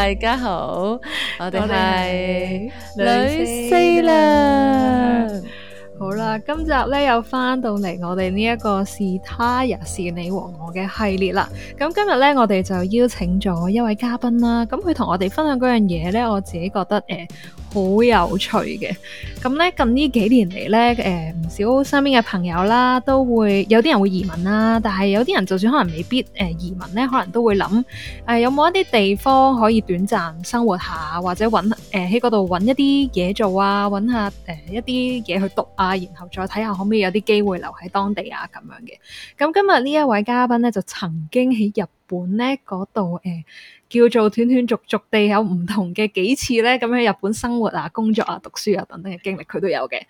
大家好，我哋係女四啦。四 好啦，今集咧又翻到嚟我哋呢一個是他也是你和我嘅系列啦。咁今日咧，我哋就邀請咗一位嘉賓啦。咁佢同我哋分享嗰樣嘢咧，我自己覺得誒。呃好有趣嘅，咁咧近呢幾年嚟咧，誒、呃、唔少身邊嘅朋友啦，都會有啲人會移民啦，但係有啲人就算可能未必誒、呃、移民咧，可能都會諗誒、呃、有冇一啲地方可以短暫生活下，或者揾誒、喺嗰度揾一啲嘢做啊，揾下誒、呃、一啲嘢去讀啊，然後再睇下可唔可以有啲機會留喺當地啊咁樣嘅。咁、嗯、今日呢一位嘉賓咧就曾經喺日本咧嗰度誒。叫做斷斷續續地有唔同嘅幾次咧，咁喺日本生活啊、工作啊、讀書啊等等嘅經歷，佢都有嘅。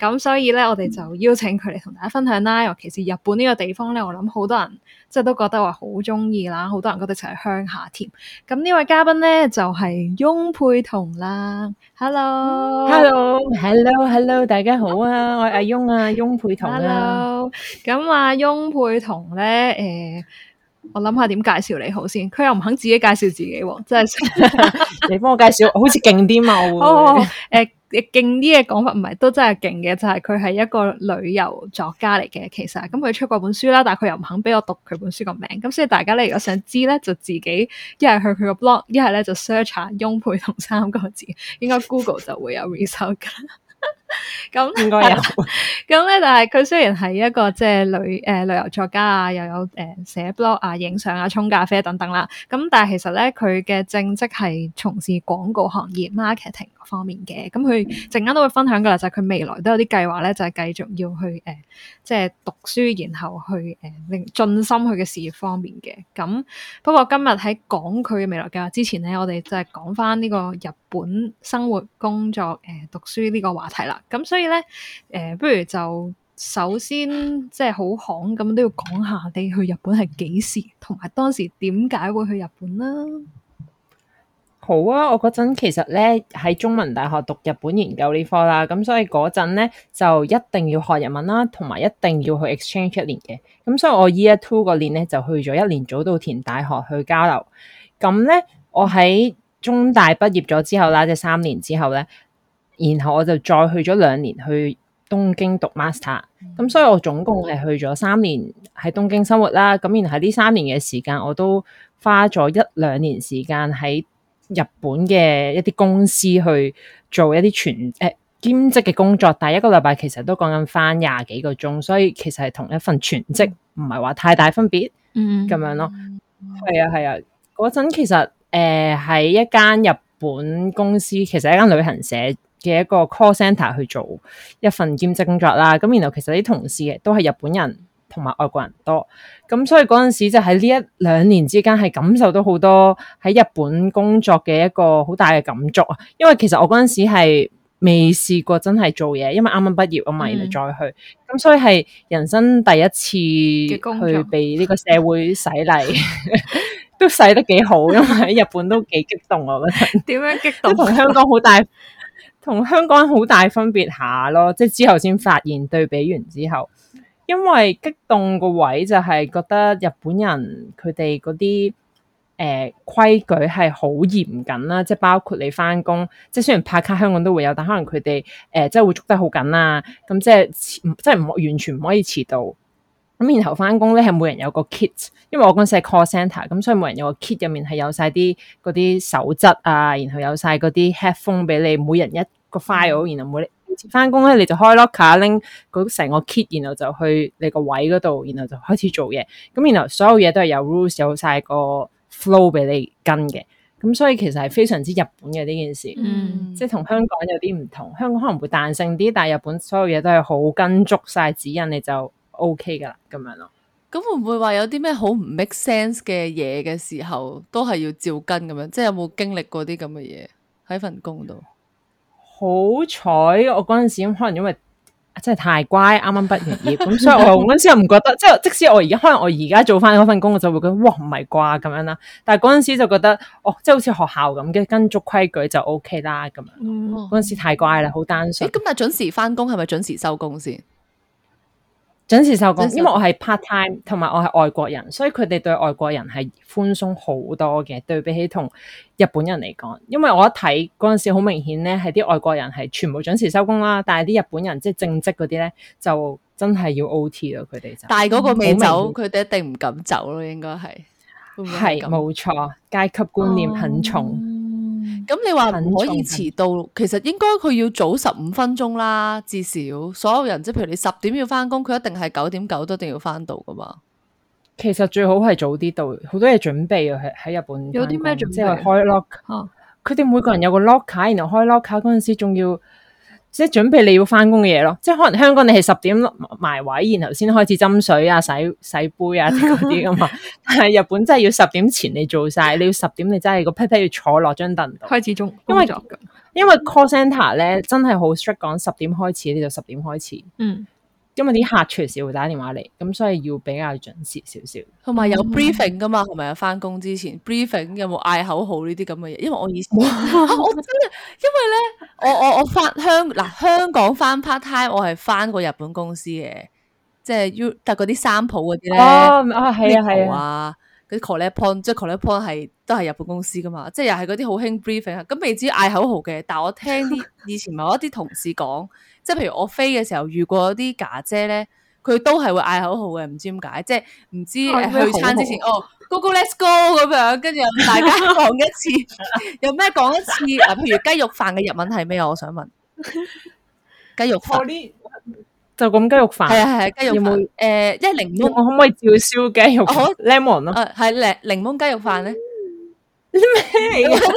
咁所以咧，我哋就邀請佢嚟同大家分享啦。尤其是日本呢個地方咧，我諗好多人即係都覺得話好鍾意啦，好多人覺得成日鄉下添。咁呢位嘉賓咧就係、是、翁沛橦啦。Hello，Hello，Hello，Hello，hello, hello, hello, 大家好啊！ 我係阿翁，翁 hello, 啊，翁沛橦 Hello，咁阿翁沛橦咧，誒、呃。我諗下點介紹你好先？佢又唔肯自己介紹自己喎。啊，真係 你幫我介紹，好似勁啲嘛，我會哦，誒、呃，你勁啲嘅講法唔係都真係勁嘅，就係佢係一個旅遊作家嚟嘅，其實咁佢，嗯、出過本書啦，但係佢又唔肯俾我讀佢本書個名，咁，嗯、所以大家咧如果想知咧就自己 log, 就一係去佢個 blog，一係咧就 search 下翁沛橦三個字，應該 Google 就會有 result 噶。 咁應該有，咁咧，但係佢雖然係一個即係旅、誒、呃、旅遊作家啊，又有誒寫 blog 啊、影相啊、沖咖啡等等啦，咁但係其實咧，佢嘅正職係從事廣告行業 marketing 方面嘅，咁佢陣間都會分享噶啦，就係佢未來都有啲計劃咧，就係、是、繼續要去誒即係讀書，然後去誒令盡心佢嘅事業方面嘅。咁不過今日喺講佢嘅未來計劃之前咧，我哋就係講翻呢、這個入。本生活工作誒讀書呢個話題啦，咁、嗯、所以咧誒、呃，不如就首先即係好行咁都要講下你去日本係幾時，同埋當時點解會去日本啦？好啊，我嗰陣其實咧喺中文大學讀日本研究呢科啦，咁所以嗰陣咧就一定要學日文啦，同埋一定要去 exchange 一年嘅。咁所以我 year two 嗰年咧就去咗一年早稻田大學去交流。咁咧我喺。中大畢業咗之後啦，即三年之後咧，然後我就再去咗兩年去東京讀 master，咁、mm hmm. 嗯、所以我總共係去咗三年喺東京生活啦。咁然後喺呢三年嘅時間，我都花咗一兩年時間喺日本嘅一啲公司去做一啲全誒、呃、兼職嘅工作，但係一個禮拜其實都講緊翻廿幾個鐘，所以其實係同一份全職唔係話太大分別，嗯，咁樣咯，係啊係啊，嗰陣、啊啊、其實。誒，喺、呃、一間日本公司，其實一間旅行社嘅一個 call center 去做一份兼職工作啦。咁然後其實啲同事都係日本人同埋外國人多，咁所以嗰陣時就喺呢一兩年之間，係感受到好多喺日本工作嘅一個好大嘅感觸啊。因為其實我嗰陣時係未試過真係做嘢，因為啱啱畢業啊嘛，我然而嚟，再去，咁、嗯、所以係人生第一次去被呢個社會洗禮。都洗得幾好，因為喺日本都幾激動，我覺得點 樣激動啊？同香港好大，同香港好大分別下咯。即係之後先發現對比完之後，因為激動個位就係覺得日本人佢哋嗰啲誒規矩係好嚴謹啦。即係包括你翻工，即係雖然拍卡香港都會有，但可能佢哋誒即係會捉得好緊啦。咁即係，即係唔完全唔可以遲到。咁然後翻工咧，係每人有個 kit，因為我嗰陣時係 call center 咁、嗯、所以每人有個 kit 入面係有晒啲嗰啲手冊啊，然後有晒嗰啲 headphone 俾你，每人一個 file，然後每次翻工咧你就開 lock 卡拎成個 kit，然後就去你個位嗰度，然後就開始做嘢。咁然後所有嘢都係有 rules，有晒個 flow 俾你跟嘅。咁、嗯嗯、所以其實係非常之日本嘅呢件事，即係同香港有啲唔同。香港可能會彈性啲，但係日本所有嘢都係好跟足晒指引，你就。O K 噶啦，咁、OK、樣咯。咁會唔會話有啲咩好唔 make sense 嘅嘢嘅時候，都係要照跟咁樣？即係有冇經歷過啲咁嘅嘢喺份工度？好彩，我嗰陣時可能因為真係太乖，啱啱畢業咁， 所以我嗰陣時又唔覺得。即係即使我而家可能我而家做翻嗰份工，我就會覺得哇唔係啩咁樣啦。但係嗰陣時就覺得，哦，即係好似學校咁嘅，跟足規矩就 O K 啦咁樣。嗰陣、嗯、時太乖啦，好單純。咁、欸、但係準時翻工係咪準時收工先？準時收工，因為我係 part time，同埋我係外國人，所以佢哋對外國人係寬鬆好多嘅，對比起同日本人嚟講。因為我一睇嗰陣時好明顯咧，係啲外國人係全部準時收工啦，但係啲日本人即係正職嗰啲咧，就真係要 OT 咯，佢哋就。但係嗰個未走，佢哋一定唔敢走咯，應該係。係冇錯，階級觀念很重。Oh. 咁、嗯、你話唔可以遲到，其實應該佢要早十五分鐘啦，至少所有人，即譬如你十點要翻工，佢一定係九點九都一定要翻到噶嘛。其實最好係早啲到，好多嘢準備喺喺日本。有啲咩準備開 lock 啊？佢哋每個人有個 lock 卡，然後開 lock 卡嗰陣時仲要。即係準備你要返工嘅嘢咯，即係可能香港你係十點埋位，然後先開始斟水啊、洗洗杯啊嗰啲啊嘛， 但係日本真係要十點前你做晒，你要十點你真係個屁屁要坐落張凳度開始做，因為因為 call centre e 咧真係好 strict 講十點開始你就十點開始。因為啲客隨時會打電話嚟，咁所以要比較準時少少。同埋有，有 briefing 噶嘛，同埋有翻工之前、嗯、briefing 有冇嗌口號呢啲咁嘅嘢？因為我以前，哇啊、我真係因為咧，我我我翻香嗱、呃、香港翻 part time，我係翻過日本公司嘅，即係要但係嗰啲三浦嗰啲咧，啊係啊係啊嗰啲 collect point 即係 collect point 係都係日本公司噶嘛，即係又係嗰啲好興 briefing，咁未知嗌口號嘅，但我聽啲以前某一啲同事講。 即係譬如我飛嘅時候遇過啲架姐咧，佢都係會嗌口號嘅，唔知點解，即係唔知去餐之前，哦，Go Go Let's Go 咁樣，跟住大家講一次，有咩講一次啊？譬如雞肉飯嘅日文係咩啊？我想問雞肉，就咁雞肉飯係啊係雞肉有誒，即係檸檬，我可唔可以照燒雞肉？哦，檸檬咯，係檸檬雞肉飯咧，咩嚟？.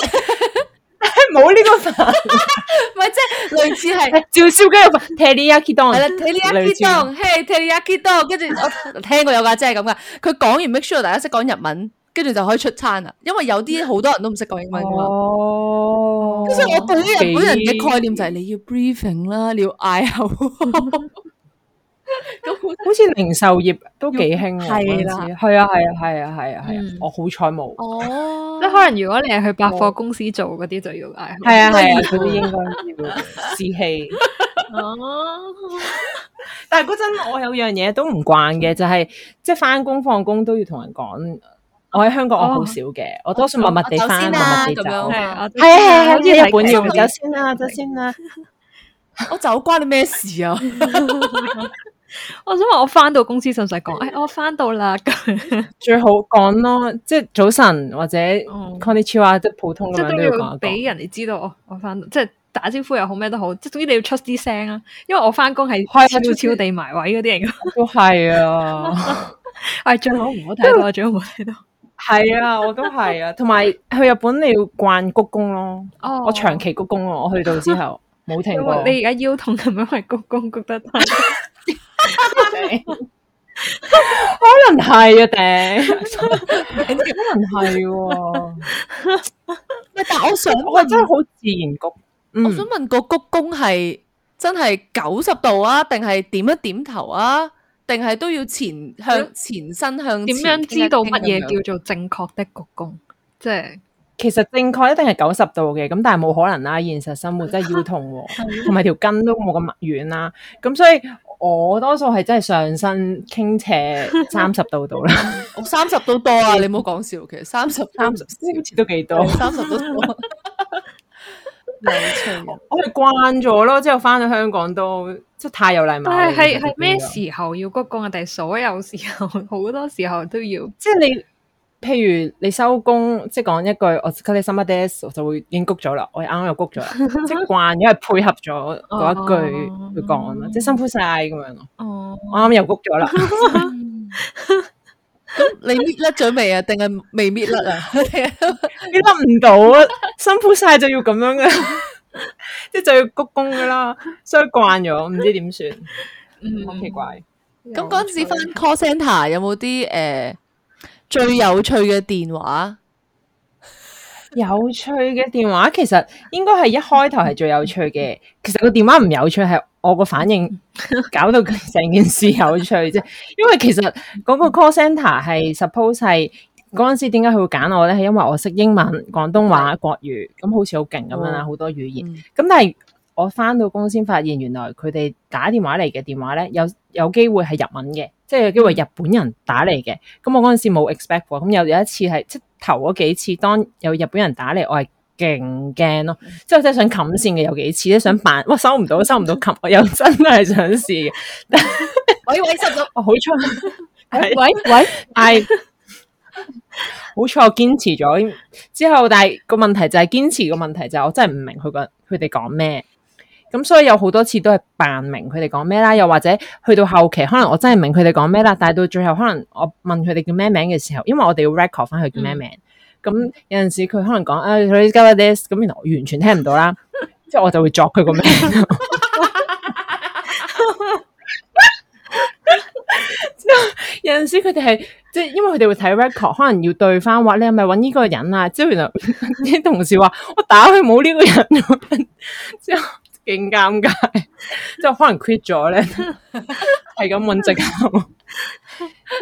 冇呢個法，唔係即係類似係照燒雞提里亞基多，係啦提里亞基多，係提里亞跟住我聽過有架真係咁噶，佢講完 make sure 大家識講日文，跟住就可以出餐啦，因為有啲好多人都唔識講英文噶嘛，所以我對日本人嘅概念就係你要 briefing 啦，你要嗌口號。 都好似零售業都幾興，係啦，係啊係啊係啊係啊係啊，我好彩冇哦。即係可能如果你係去百貨公司做嗰啲就要係啊係啊嗰啲應該要士氣。但係嗰陣我有樣嘢都唔慣嘅，就係即係翻工放工都要同人講。我喺香港我好少嘅，我多數默默地翻默默地走。係啊係啊，好似日本要走先啦，走先啦。 我走關你咩事啊？ 我想話我翻到公司先再講，誒、 哎，我翻到啦， 最好講咯，即係早晨或者 call 啲超啊，嗯、即係普通即都要講，俾人哋知道我我翻，即係打招呼又好咩都好，即係總之你要出啲聲啊，因為我翻工係開超超地埋位嗰啲人，都係啊，喂，最好唔好睇到， 最好唔 好睇到，係 啊，我都係啊，同埋去日本你要慣鞠躬咯， 我長期鞠躬，我去到之後。 冇停過，你而家腰痛係咪因為鞠躬鞠得太？可能係啊，頂，可能係。喂，但我想問，真係好自然鞠。嗯，我想問個鞠躬係真係九十度啊，定係點一點頭啊，定係都要前向前身向？點樣知道乜嘢叫做正確的鞠躬？即係。其實正確一定係九十度嘅，咁但係冇可能啦。現實生活真係腰痛，喔，同埋條筋都冇咁遠啦。咁所以我多數係真係上身傾斜三十度度啦。三十 度多啊！你唔好講笑，其實三十三十，傾斜都幾多。三十度多。 次我哋慣咗咯，之後翻到香港都即係太有禮貌。但係係咩時候要鞠躬啊？但係所有時候，好多時候都要。即係 你。譬如你收工，即係講一句，我 call 你 somebody else，就會已經鞠咗啦。我啱啱又鞠咗啦，即係慣咗，因為配合咗嗰一句去講，即係辛苦晒咁樣咯。我啱啱又鞠咗啦。咁你搣甩咗未啊？定係未搣甩啊？搣甩唔到，辛苦晒就要咁樣噶，即係就要鞠躬噶啦。所以慣咗，唔知點算。好奇怪。咁陣時返 call center 有冇啲誒？最有趣嘅電話， 有趣嘅電話其實應該係一開頭係最有趣嘅。其實個電話唔有趣，係我個反應搞到佢成件事有趣啫。因為其實嗰個 call center 係 suppose 係嗰陣時，點解佢會揀我呢？係因為我識英文、廣東話、國語，咁好似好勁咁樣啦，好、嗯、多語言。咁但係我翻到公司，先發現，原來佢哋打電話嚟嘅電話呢，有有機會係日文嘅。即係有機會日本人打嚟嘅，咁我嗰陣時冇 expect 過。咁有有一次係即係頭嗰幾次，當有日本人打嚟，我係勁驚咯。即係真係想冚線嘅，有幾次咧，想扮，哇，收唔到，收唔到冚，我又真係想試嘅。我以為，收咗，好錯。喂喂，係好錯，堅持咗之後，但係個問題就係堅持個問題就係我真係唔明佢講佢哋講咩。咁所以有好多次都係扮明佢哋講咩啦，又或者去到後期，可能我真係明佢哋講咩啦，但係到最後可能我問佢哋叫咩名嘅時候，因為我哋要 record 翻佢叫咩名，咁、嗯、有陣時佢可能講啊，please go、like、this，咁原來我完全聽唔到啦，之後我就會作佢個名。有陣時佢哋係即係，因為佢哋會睇 record，可能要對翻話你係咪搵呢個人啊？即係原來啲同事話我打佢冇呢個人，之後。勁尷尬，即係可能 quit 咗咧，係咁揾直啊！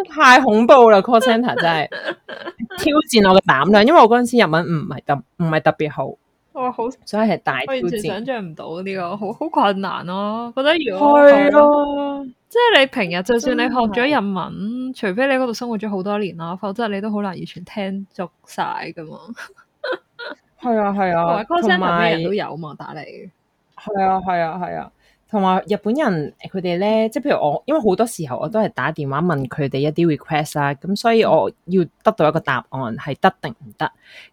太恐怖啦 ，call center 真係挑戰我嘅膽量，因為我嗰陣時日文唔係特唔係特別好。我好所以係大挑戰。想象唔到呢、這個好好困難咯、啊。覺得如果係啊，即係你平日就算你學咗日文，除非你嗰度生活咗好多年啦、啊，否則你都好難完全聽足晒噶嘛。係 啊係啊，啊，call center 咩人都有嘛，打嚟。係啊，係啊，係啊，同埋日本人佢哋呢，即係譬如我，因為好多時候我都係打電話問佢哋一啲 request 啦，咁所以我要得到一個答案係得定唔得，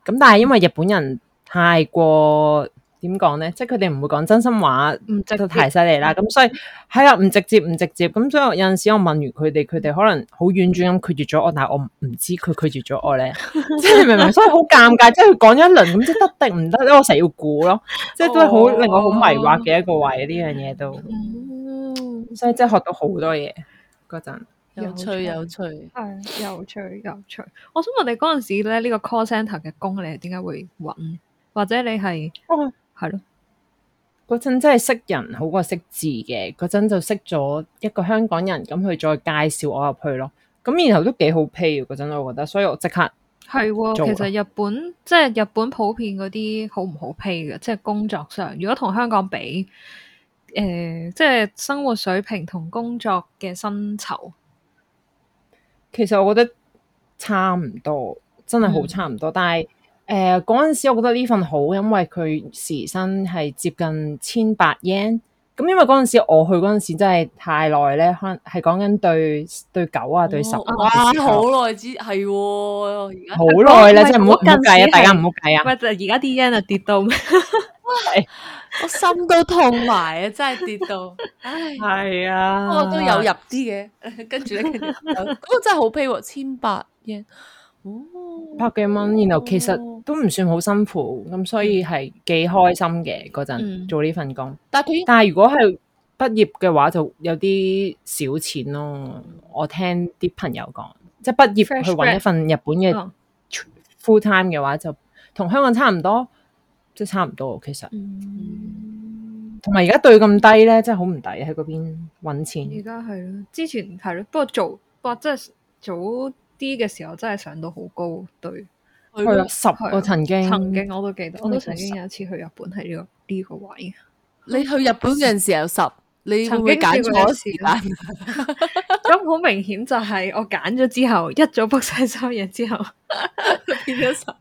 咁但係因為日本人太過。點講咧，即係佢哋唔會講真心話，即係太犀利啦。咁所以係啊，唔直接唔直接咁。所以有陣時我問完佢哋，佢哋可能好婉轉咁拒絕咗我，但係我唔知佢拒絕咗我咧， 即係你明唔明？所以好尷尬，即係佢講一輪咁，即得定唔得咧？我成日要估咯，即係都係好令我好迷惑嘅一個位。呢樣嘢都，哦、所以即係學到好多嘢嗰陣，有趣有趣，係有趣有趣。有趣有趣，我想問你嗰陣時咧，呢、呢個 call centre e 嘅工你點解會揾？或者你係？ 係咯，嗰陣真係識人好過識字嘅，嗰陣就識咗一個香港人，咁佢再介紹我入去咯，咁然後都幾好 pay 嘅嗰陣，我覺得，所以我即刻係，其實日本即係日本普遍嗰啲好唔好 pay 嘅，即係工作上，如果同香港比，誒，即係生活水平同工作嘅薪酬，其實我覺得差唔多，真係好差唔多，但係。誒，嗰陣、呃、時我覺得呢份好，因為佢時薪係接近千八 yen。咁因為嗰陣時我去嗰陣時真係太耐咧，可能係講緊對對九啊對十。哇，好耐之係，而家好耐咧，即係唔好計啊！大家唔好計啊！乜就而家啲 yen 啊跌到，我心都痛埋啊！真係跌到，唉、哎，係啊，我、啊、都有入啲嘅，跟住咧，嗰個 真係好 pay 喎，千八 yen。百幾蚊，哦哦、然後其實都唔算好辛苦，咁所以係幾開心嘅，嗰陣做呢份工。嗯、但係佢，但係如果係畢業嘅話，就有啲少錢咯。嗯、我聽啲朋友講，即係畢業去搵一份日本嘅 full time 嘅話，就同香港差唔多，即係差唔多。其實，同埋、嗯、而家兌咁低咧，真係好唔抵喺嗰邊搵錢。而家係咯，之前係咯，不過做，哇，真係早。啲嘅時候真係上到好高，對去啊十我曾經，是曾，經曾經我都記得，我都曾經有一次去日本係呢個呢個位。你經去日本嘅時候十，你曾經揀咗時間咁好明顯就係我揀咗之後，一早 book 晒三日之後 變咗十。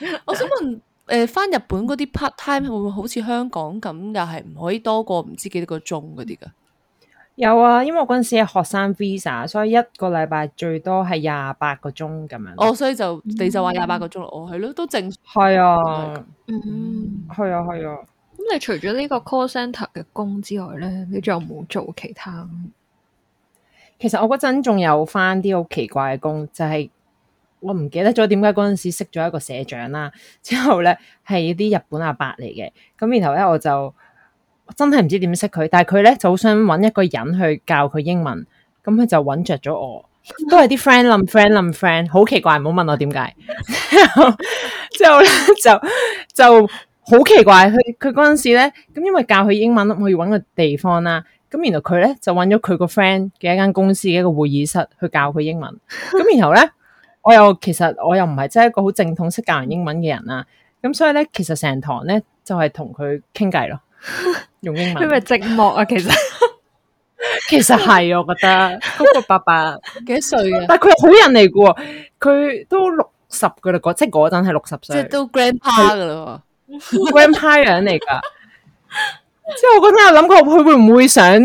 我想問，誒、呃，翻日本嗰啲 part time 會唔會好似香港咁，又係唔可以多過唔知幾多個鐘嗰啲㗎？嗯有啊，因為我嗰陣時係學生 visa，所以一個禮拜最多係廿八個鐘咁樣。哦，所以就你就話廿八個鐘咯，哦，係咯，都正常。係啊，嗯，係啊，係啊。咁你除咗呢個 call centre 嘅工之外咧，你仲有冇做其他？其實我嗰陣仲有返啲好奇怪嘅工，就係、是、我唔記得咗點解嗰陣時識咗一個社長啦。之後咧係啲日本阿伯嚟嘅，咁然後咧我就。真係唔知點識佢，但係佢咧就好想揾一個人去教佢英文，咁佢就揾着咗我。都係啲 friend 諗 friend 諗 friend，好奇怪，唔好問我點解。之 後之後咧就就好奇怪。佢佢嗰陣時咧咁，因為教佢英文，我要揾個地方啦。咁，然後佢呢，就揾咗佢個 friend 嘅一間公司嘅一個會議室去教佢英文。咁 然後呢，我又其實我又唔係真係一個好正統識教人英文嘅人啦。咁所以呢，其實成堂呢，就係同佢傾偈咯。用英文佢咪寂寞啊？其實其實係，我覺得嗰個伯伯幾多歲啊？但係佢係好人嚟嘅，佢都六十噶啦，嗰即係嗰陣係六十歲，即係都 grandpa 噶啦，grandpa 樣嚟噶。即係我覺得有諗過，佢會唔會想掂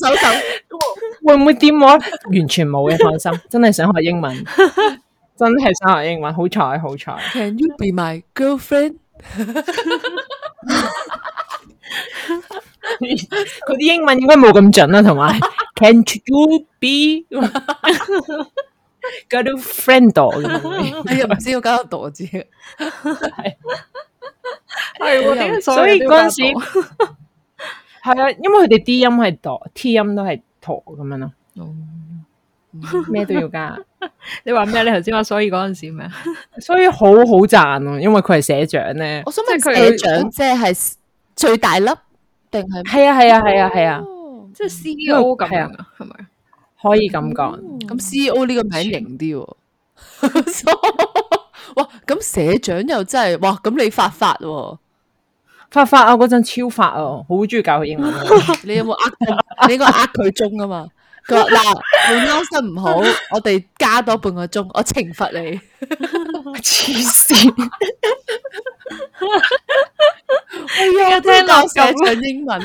手手？會唔會掂我？完全冇嘅，放心，真係想學英文，真係想學英文。好彩，好彩。Can you be my girlfriend？佢啲英文應該冇咁準啦，同埋，Can't you be got friend 度你又唔知要搞到度字，係，所以嗰陣時係啊，因為佢哋 D 音係度，T 音都係駝咁樣咯。咩都要加，你話咩？你頭先話，所以嗰陣時咩？所以好好賺啊，因為佢係社長咧。我想問佢係社長即係最大粒定係？係啊係啊係啊係啊，即係 C E O 咁樣啊？係咪？可以咁講？咁 C E O 呢個名型啲？哇！咁社長又真係哇！咁你發發，發發啊！嗰陣超發啊！好中意教佢英文。你有冇呃？你應該呃佢中啊嘛？嗱，你拉身唔好，我哋加多半個鐘，我懲罰你。黐 線經！ 哎呀，聽到我聽落寫成英文啊！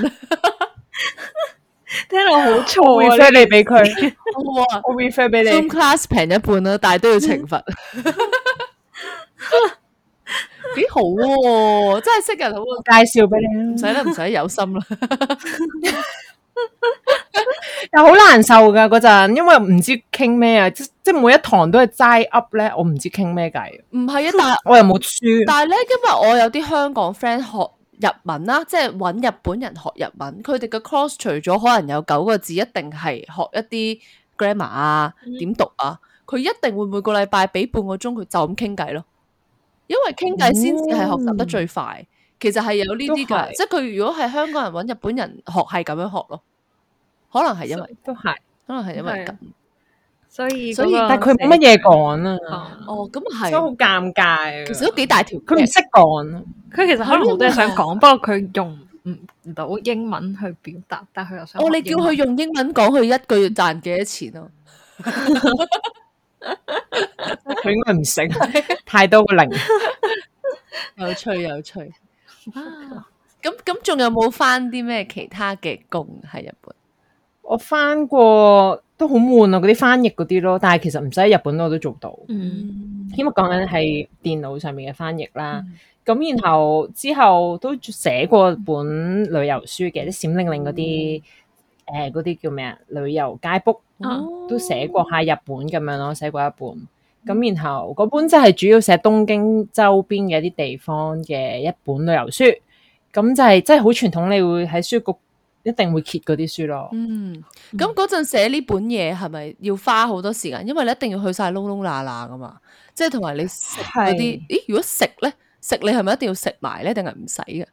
聽落好錯啊！你俾佢，我啊，我 refer 俾你。你 Zoom class 平一半啦，但係都要懲罰。幾、 哎、好啊！真係識人好啊！介紹俾你，唔使啦，唔使有心啦。 又好 難受噶嗰陣，因為唔知傾咩啊，即即每一堂都係齋 up 咧，我唔知傾咩偈，唔係啊，但我又冇書。但係咧，因為我有啲香港 friend 學日文啦，即係搵日本人學日文，佢哋嘅 course 除咗可能有九個字，一定係學一啲 grammar 啊，點讀啊，佢一定會每個禮拜俾半個鐘，佢就咁傾偈咯。因為傾偈先至係學習得最快。嗯其實係有呢啲噶，即係佢如果係香港人揾日本人學，係咁樣學咯。可能係因為都係，可能係因為咁。所以所以，但係佢冇乜嘢講啊。哦，咁啊係，所以好尷尬。其實都幾大條，佢唔識講。佢其實可能好多嘢想講，不過佢用唔唔到英文去表達，但係佢又想。哦，你叫佢用英文講，佢一句賺幾多錢啊？佢應該唔識，太多個零。有趣，有趣。咁咁仲有冇返啲咩其他嘅工喺日本？我返過都好悶啊，嗰啲翻譯嗰啲咯，但係其實唔使喺日本我都做到。嗯，起碼講緊係電腦上面嘅翻譯啦。咁、嗯、然後之後都寫過本旅遊書嘅，啲閃令令嗰啲誒嗰啲叫咩啊？旅遊街 book、嗯哦、都寫過下日本咁樣咯，寫過一本。咁、嗯、然後嗰、嗯、本真係主要寫東京周邊嘅一啲地方嘅一本旅遊書，咁就係即係好傳統，你會喺書局一定會揭嗰啲書咯。嗯，咁嗰陣寫呢本嘢係咪要花好多時間？因為你一定要去晒窿窿罅罅噶嘛，即係同埋你食嗰啲。是咦，如果食咧食，你係咪一定要食埋咧，定係唔使嘅？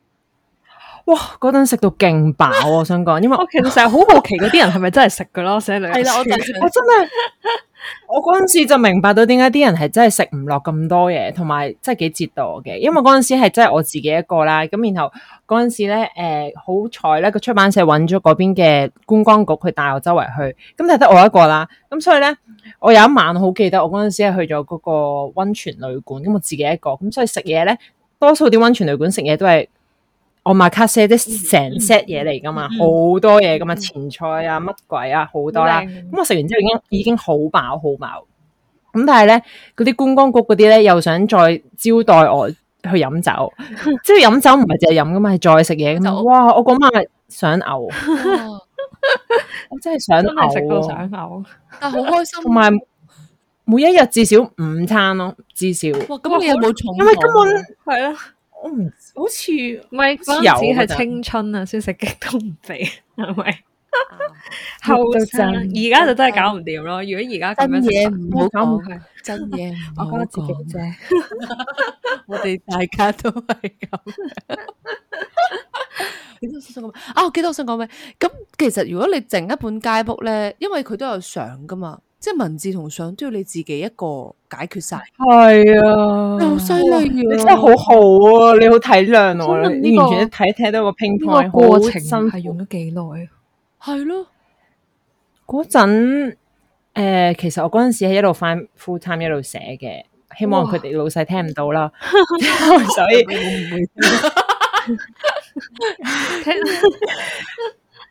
哇！嗰陣食到勁飽啊，我想講，因為我其實好好奇嗰啲人係咪真係食噶咯，寫旅行。係啦，我真係我嗰陣時就明白到點解啲人係真係食唔落咁多嘢，同埋真係幾折墮嘅。因為嗰陣時係真係我自己一個啦，咁然後嗰陣時咧，誒好彩咧，個出版社揾咗嗰邊嘅觀光局去帶我周圍去，咁但係得我一個啦，咁所以咧，我有一晚好記得，我嗰陣時係去咗嗰個溫泉旅館，咁我自己一個，咁、呃、所以食嘢咧，多數啲溫泉旅館食嘢都係。我買卡沙啲成 set 嘢嚟噶嘛，好、嗯、多嘢噶嘛，嗯嗯、前菜啊乜鬼啊多好多啦、嗯。咁我食完之後已經已經好飽好飽。咁但係咧，嗰啲觀光局嗰啲咧又想再招待我去飲酒，即係飲酒唔係淨係飲噶嘛，係再食嘢咁啊！哇，我嗰晚係想嘔，我、哦哦、 真係想嘔，啊，食到想嘔，但好開心。同埋每一日至少五餐咯，至少。咁你有冇重？因為根本係啦。嗯，好似唔係，嗰陣時係青春啊，先食極都唔肥，係咪？後生而家就真係搞唔掂咯。如果而家真嘢唔好講，真嘢，我覺得自己正。我哋大家都係咁。啊，我記得我想講咩？咁其實如果你整一本街 book 咧，因為佢都有相㗎嘛。即係文字同相都要你自己一個解決晒。係、哎、呀啊，好犀利啊！你真係好好啊，你好體諒我。這個、你完全睇睇到個拼圖過程真係用咗幾耐啊？係咯的，嗰陣誒，其實我嗰陣時喺一路翻 full time，一路寫嘅，希望佢哋老細聽唔到啦。哇 所以，唔會。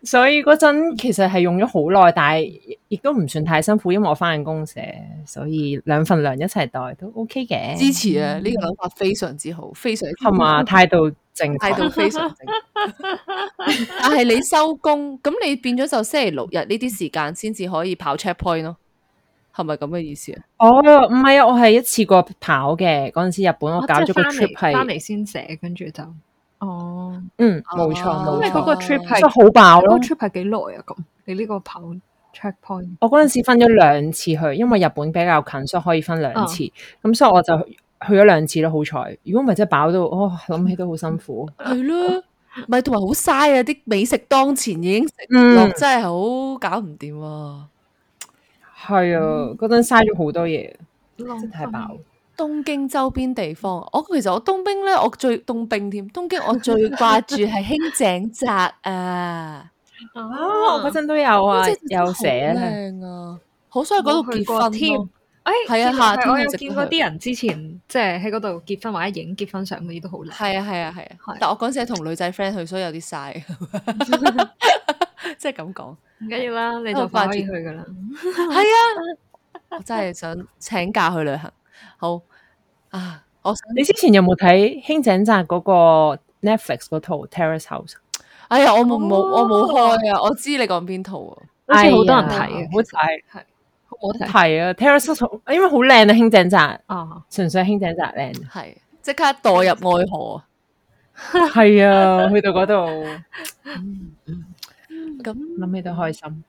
所以嗰陣其實係用咗好耐，但係亦都唔算太辛苦，因為我翻緊工寫，所以兩份糧一齊袋都 OK 嘅。支持啊！呢、這個諗法非常之好，非常好。同埋態度正，態度非常正。 但係你收工，咁你變咗就星期六日呢啲時間先至可以跑 check point 咯。係咪咁嘅意思啊？哦，唔係啊，我係一次過跑嘅嗰陣時，日本我搞咗個 trip，翻嚟先寫，跟住、啊、就。哦，嗯，冇錯，冇錯，所以好飽咯。咁你個 trip 係幾耐啊？咁、啊、你呢個跑 checkpoint？、啊、我嗰陣時分咗兩次去，因為日本比較近，所以可以分兩次。咁、啊嗯、所以我就去咗兩次咯。好彩，如果唔係真係飽到，哦，諗起都好辛苦。係咯、嗯，唔係同埋好嘥啊！啲美食當前已經食、嗯、落真、啊嗯啊，真係好搞唔掂。係啊，嗰陣嘥咗好多嘢，真係飽。東京周邊地方，我其實我東京咧，我最東兵添。東京我最掛住係輕井澤啊！ 啊，我嗰陣都有啊，有寫啊，好衰嗰度去結婚添。誒、哦、係、哎、啊，夏天我有見啲人之前即係喺嗰度結婚或者影結婚相嗰啲都好靚。係啊，係啊，係啊，啊。但我嗰陣係同女仔 friend 去，所以有啲嘥。即係咁講，唔緊要啦，你就快可以去噶啦。係 啊，我真係想請假去旅行。好啊！我你之前有冇睇《輕井澤》嗰個 Netflix 嗰套《Terrace House》？哎呀，我冇冇，我冇開啊！我知你講邊套啊，好似好多人睇，好睇係，好睇係啊，《Terrace House》因為好靚啊，《輕井澤》啊，純粹《輕井澤》靚，係即刻墮入愛河，係啊，去到嗰度咁諗起都開心，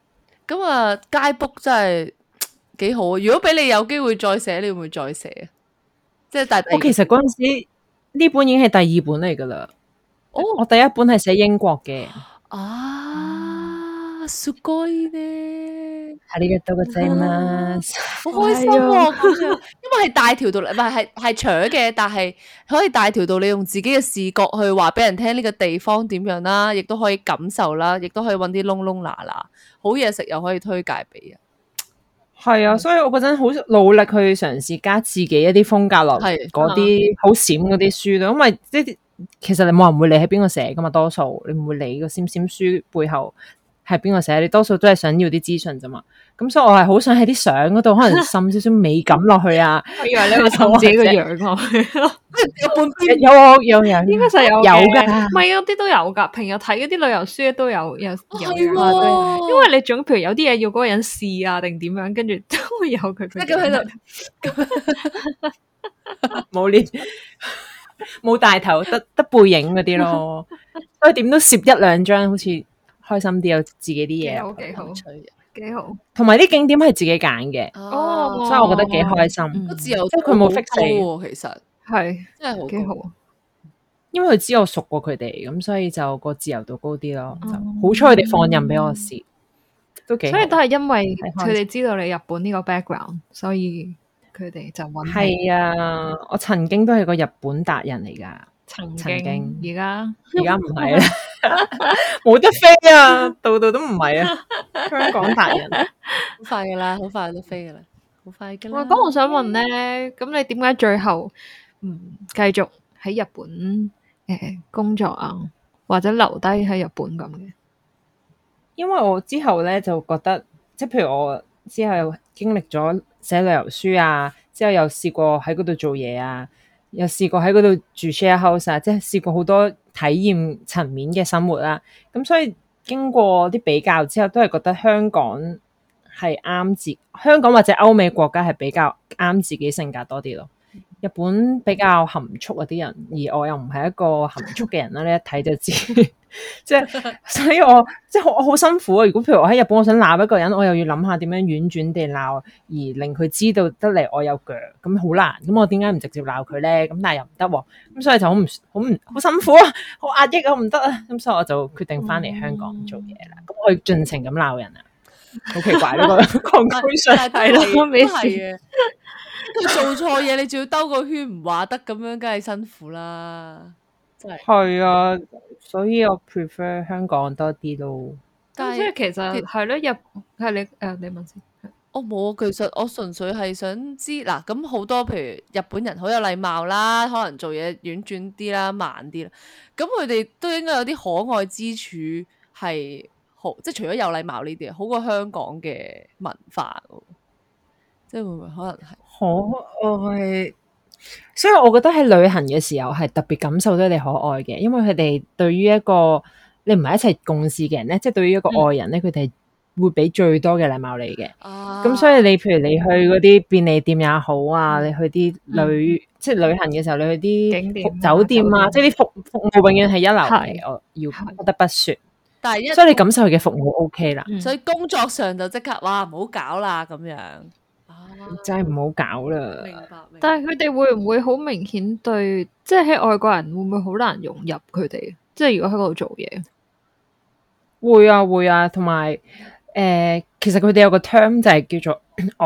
咁啊街 book 真係。幾好啊！如果俾你有機會再寫，你會唔會再寫啊？即係第我其實嗰陣時呢本已經係第二本嚟㗎喇。哦，oh? 我第一本係寫英國嘅。啊，すごいね，係呢個都嘅精華，啊、 好開心啊！ 因為係大條到，唔係係係長嘅，但係可以大條到你用自己嘅視覺去話俾人聽呢個地方點樣啦，亦都可以感受啦，亦都可以搵啲窿窿罅罅。好嘢食又可以推介俾人。係啊，所以我嗰陣好努力去嘗試加自己一啲風格落去嗰啲好閃嗰啲書咯，因為啲其實你冇人會理喺邊個寫噶嘛，多數你唔會理個閃閃書背後係邊個寫，你多數都係想要啲資訊咋嘛。.咁、嗯、所以我係好想喺啲相嗰度，可能滲少少美感落去啊！ 我以為你係滲自己個樣落去咯，有半邊有我有人應該就有嘅，唔係啊啲都有噶，平日睇嗰啲旅遊書都有有有，有有啊、哦，因為你總譬如有啲嘢要嗰個人試啊，定點樣，跟住都會有佢。一咁喺度，冇臉， 冇大頭，得得 背影嗰啲咯。所以點都攝一兩張，好似開心啲，有自己啲嘢好有趣嘅。 幾好，同埋啲景點係自己揀嘅，哦、所以我覺得幾開心，自由度高。其實係真係好幾好，因為佢知我熟過佢哋，咁所以就個自由度高啲咯。好彩佢哋放任俾我試，嗯、都幾。所以都係因為佢哋知道你日本呢個 background，所以佢哋就搵。係啊，我曾經都係個日本達人嚟噶。曾經，而家而家唔係啦，冇得飛啊，度度 都唔係啊， 香港達人，好快噶啦，好快都飛噶啦，好快噶啦。咁我想問咧，咁你點解最後唔繼續喺日本誒、呃、工作啊，或者留低喺日本咁嘅？因爲我之後咧就覺得，即係譬如我之後經歷咗寫旅遊書啊，之後又試過喺嗰度做嘢啊。又試過喺度住 share house 啊，即係試過好多體驗層面嘅生活啦。咁所以經過啲比較之後，都係覺得香港係啱自香港或者歐美國家係比較啱自己性格多啲咯。日本比較含蓄嗰啲人，而我又唔係一個含蓄嘅人啦，你一睇就知，即係所以我即係我好、就是、辛苦啊！如果譬如我喺日本，我想鬧一個人，我又要諗下點樣婉轉地鬧，而令佢知道得嚟、well, 我有腳，咁好難。咁我點解唔直接鬧佢咧？咁但係又唔得，咁所以就好唔好唔好辛苦啊，好壓抑，好唔得啊！咁所以我就決定翻嚟香港做嘢啦，咁、um hmm. 我要盡情咁鬧人啊！好奇怪呢個抗 o n v 咯，都係嘅。佢 做錯嘢，你仲要兜個圈唔話得，咁樣梗係辛苦啦。係是啊，所以我 prefer 香港多啲咯。咁是所以其實係咯其，日本，係你誒、啊，你問先。我冇、哦、其實我純粹係想知嗱，咁好多譬如日本人好有禮貌啦，可能做嘢婉轉啲啦，慢啲啦。咁佢哋都應該有啲可愛之處，係好即係除咗有禮貌呢啲，好過香港嘅文化。即係會唔會可能係可愛？所以我覺得喺旅行嘅時候係特別感受到你可愛嘅，因為佢哋對於一個你唔係一齊共事嘅人咧，即係對於一個外人咧，佢哋會俾最多嘅禮貌你嘅。咁所以你譬如你去嗰啲便利店也好啊，你去啲旅即係旅行嘅時候，你去啲景點啊酒店啊，即係啲服服務永遠係一流嘅。我要不得不說，但係所以你感受佢嘅服務 OK 啦。所以工作上就即刻話，唔好搞啦咁樣。真係唔好搞啦。明白明白，但係佢哋會唔會好明顯對，即係喺外國人會唔會好難融入佢哋？即係如果喺嗰度做嘢？會啊會啊，同埋誒，其實佢哋有個 term 就係叫做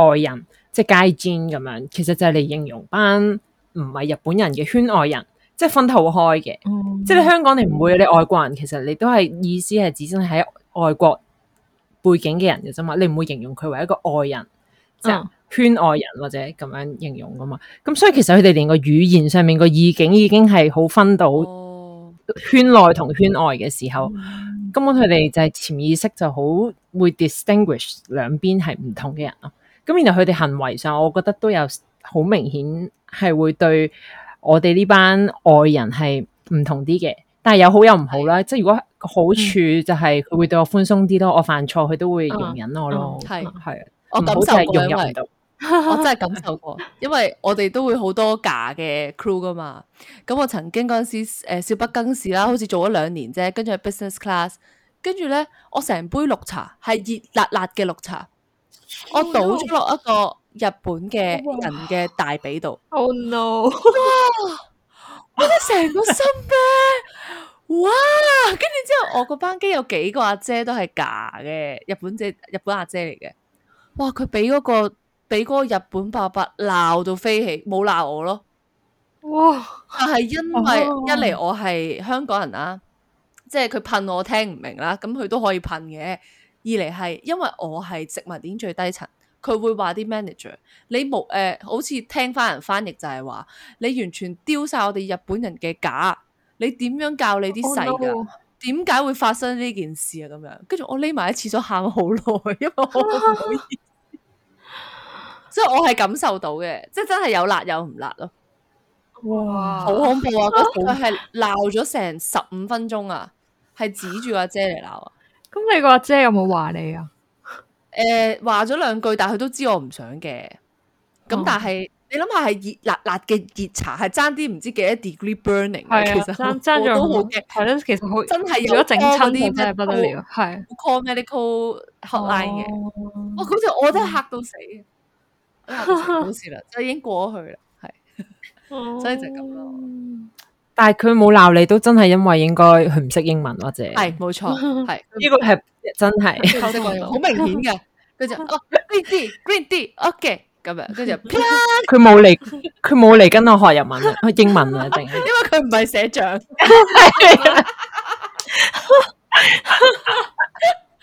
外人，即係街尖咁樣。其實就係你形容班唔係日本人嘅圈外人，即係分頭開嘅。嗯、即係你香港你唔會，有啲外國人其實你都係意思係指真喺外國背景嘅人嘅啫嘛，你唔會形容佢為一個外人。即圈外人或者咁樣形容㗎嘛？咁所以其實佢哋連個語言上面個意境已經係好分到、嗯、圈內同圈外嘅時候，嗯、根本佢哋就係潛意識就好會 distinguish 兩邊係唔同嘅人咯。咁然後佢哋行為上，我覺得都有好明顯係會對我哋呢班外人係唔同啲嘅。但係有好有唔好啦。嗯、即係如果好處就係佢會對我寬鬆啲咯，我犯錯佢都會容忍我咯。係係、嗯，嗯、是我就係是容忍唔到。 我真係感受過，因為我哋都會好多假嘅 crew 噶嘛。咁我曾經嗰陣時誒、呃，少不更事啦，好似做咗兩年啫。跟住係 business class，跟住咧，我成杯綠茶係熱辣辣嘅綠茶，我倒咗落一個日本嘅人嘅大髀度。Oh no！ 哇，我真係成個心病。哇！跟住之後，我嗰班機有幾個阿姐都係假嘅日本姐、日本阿姐嚟嘅。哇！佢俾嗰個俾嗰個日本伯伯鬧到飛起，冇鬧我咯。哇！但係因為一嚟我係香港人啦、啊，即係佢噴我聽唔明啦，咁佢都可以噴嘅。二嚟係因為我係職物點最低層，佢會話啲 manager，你冇，誒、呃、好似聽翻人翻譯就係話，你完全丟晒我哋日本人嘅假，你點樣教你啲細㗎？點解會發生呢件事啊？咁樣，跟住我匿埋喺廁所喊好耐，因為我唔即係我係感受到嘅，即係真係有辣有唔辣咯。哇，好恐怖啊！佢係鬧咗成十五分鐘啊，係指住阿姐嚟鬧啊。咁你個阿姐有冇話你啊？誒，話咗兩句，但係佢都知我唔想嘅。咁但係你諗下，係熱辣辣嘅熱茶，係爭啲唔知幾多 degree burning。其實好我都好嘅，係咯。其實好真係如果整親咁，真係不得了。係 call medical hotline 嘅。哇！嗰時我真係嚇到死。唔好事啦，就已經過去啦，係，所以就咁咯。但係佢冇鬧你，都真係因為應該佢唔識英文或者係，冇錯，係呢個係真係，好明顯嘅。佢就哦，green 啲，green 啲，ok，咁樣，跟住佢冇嚟，佢冇嚟跟我學日文，學英文啊，定係因為佢唔係社長？笑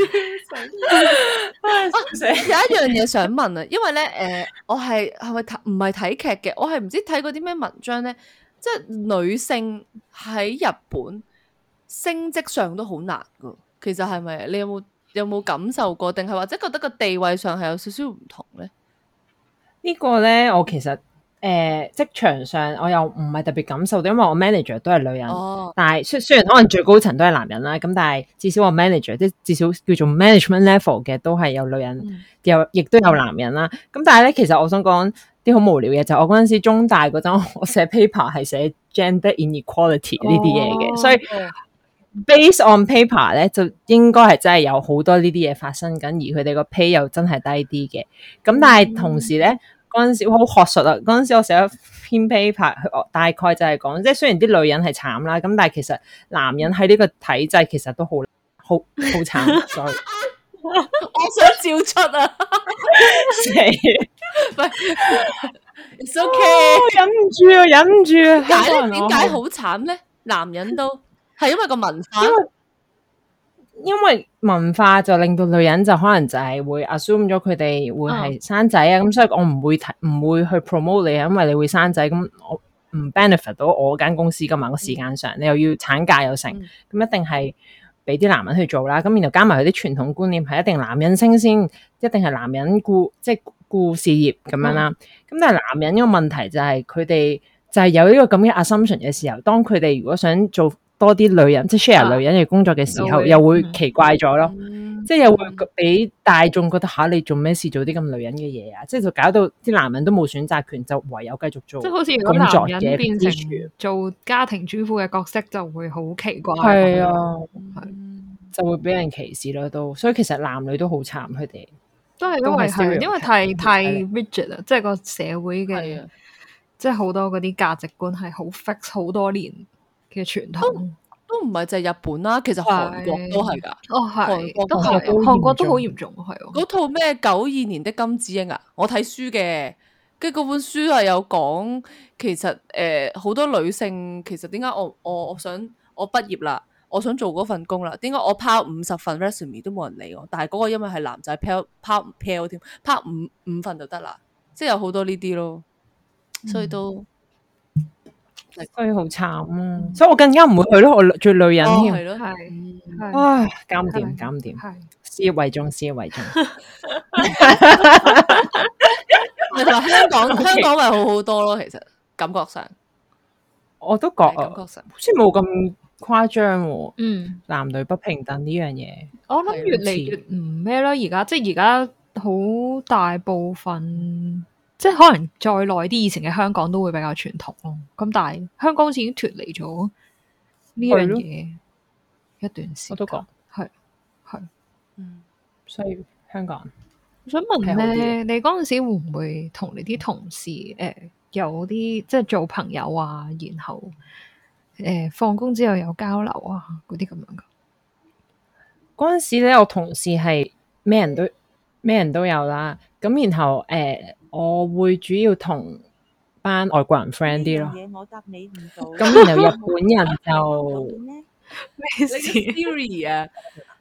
死！ 有一樣嘢想問啊，因為咧，誒、呃，我係係咪睇唔係睇劇嘅？我係唔知睇過啲咩文章咧，即係女性喺日本升職上都好難噶。其實係咪你有冇有冇感受過？定係或者覺得個地位上係有少少唔同咧？個呢個咧，我其實。誒，職、呃、場上我又唔係特別感受到，因為我 manager 都係女人，oh. 但係雖雖然可能最高層都係男人啦，咁、oh. 但係至少我 manager 即至少叫做 management level 嘅都係有女人，mm. 有亦都有男人啦。咁但係咧，其實我想講啲好無聊嘅，就我嗰陣時中大嗰陣，我寫 paper 係寫 gender inequality 呢啲嘢嘅，oh. Okay. 所以 based on paper 咧，就應該係真係有好多呢啲嘢發生緊，而佢哋個 pay 又真係低啲嘅。咁但係同時咧。Mm. 嗰陣時好學術啊！嗰陣時我寫一篇 paper，大概就係講，即係雖然啲女人係慘啦、啊，咁但係其實男人喺呢個體制其實都好好好慘，所以 我想照出啊，It's okay，oh, 忍唔住啊，忍唔住啊！點解好慘咧？ 男人都係因為個文化。因為文化就令到女人就可能就係會 assume 咗佢哋會係生仔啊，咁、哦嗯、所以我唔會提，唔會去 promote 你，啊，因為你會生仔，咁、嗯嗯、我唔 benefit 到我間公司噶嘛，個時間上你又要產假又成，咁、嗯嗯、一定係俾啲男人去做啦。咁然後加埋佢啲傳統觀念係一定男人升先，一定係男人顧即係顧事業咁樣啦。咁、嗯、但係男人呢個問題就係佢哋就係有呢個咁嘅 assumption 嘅時候，當佢哋如果想做。多啲女人即係 share 女人嘅工作嘅時候，又會奇怪咗咯，即係又會俾大眾覺得吓，你做咩事做啲咁女人嘅嘢啊！即係就搞到啲男人都冇選擇權，就唯有繼續做，即係好似男人變成做家庭主婦嘅角色就會好奇怪係咯，係就會俾人歧視咯，都所以其實男女都好慘，佢哋都係因為係因為太太 rigid 啦，即係個社會嘅，即係好多嗰啲價值觀係好 fix 好多年。嘅傳統都唔係，就係日本啦，其實韓國都係㗎，韓國都韓國都好嚴重，係喎。嗰套咩九二年的金智英啊？我睇書嘅，跟住嗰本書係有講，其實誒好、呃、多女性，其實點解我我我想我畢業啦，我想做嗰份工啦，點解我拋五十份 resume 都冇人理我？但係嗰個因為係男仔，拋拋唔拋添，拋五五份就得啦，即係有好多呢啲咯，所以都。嗯所以好慘，所以我更加唔會去咯。我最女人添，係咯、哦，係，哇，搞唔掂，搞唔掂，係事業為重，事業為重。你話香港，香港咪好好多咯？其實感覺上，我都覺，感覺上，好似冇咁誇張。嗯，男女不平等呢樣嘢， 我諗越嚟越唔咩咯。而家即係而家好大部分。即係可能再耐啲，以前嘅香港都會比較傳統咯。咁但係香港好似已經脫離咗呢樣嘢一段時間。我都講係係，以嗯，港所以香港我想問咧，你嗰陣時會唔會同你啲同事誒、呃、有啲即係做朋友啊？然後誒放工之後有交流啊？嗰啲咁樣噶。嗰陣時咧，我同事係咩人都咩人都有啦。咁然後誒。呃我會主要同班外國人 friend 啲咯，咁然後日本人就咩事？Siri 啊，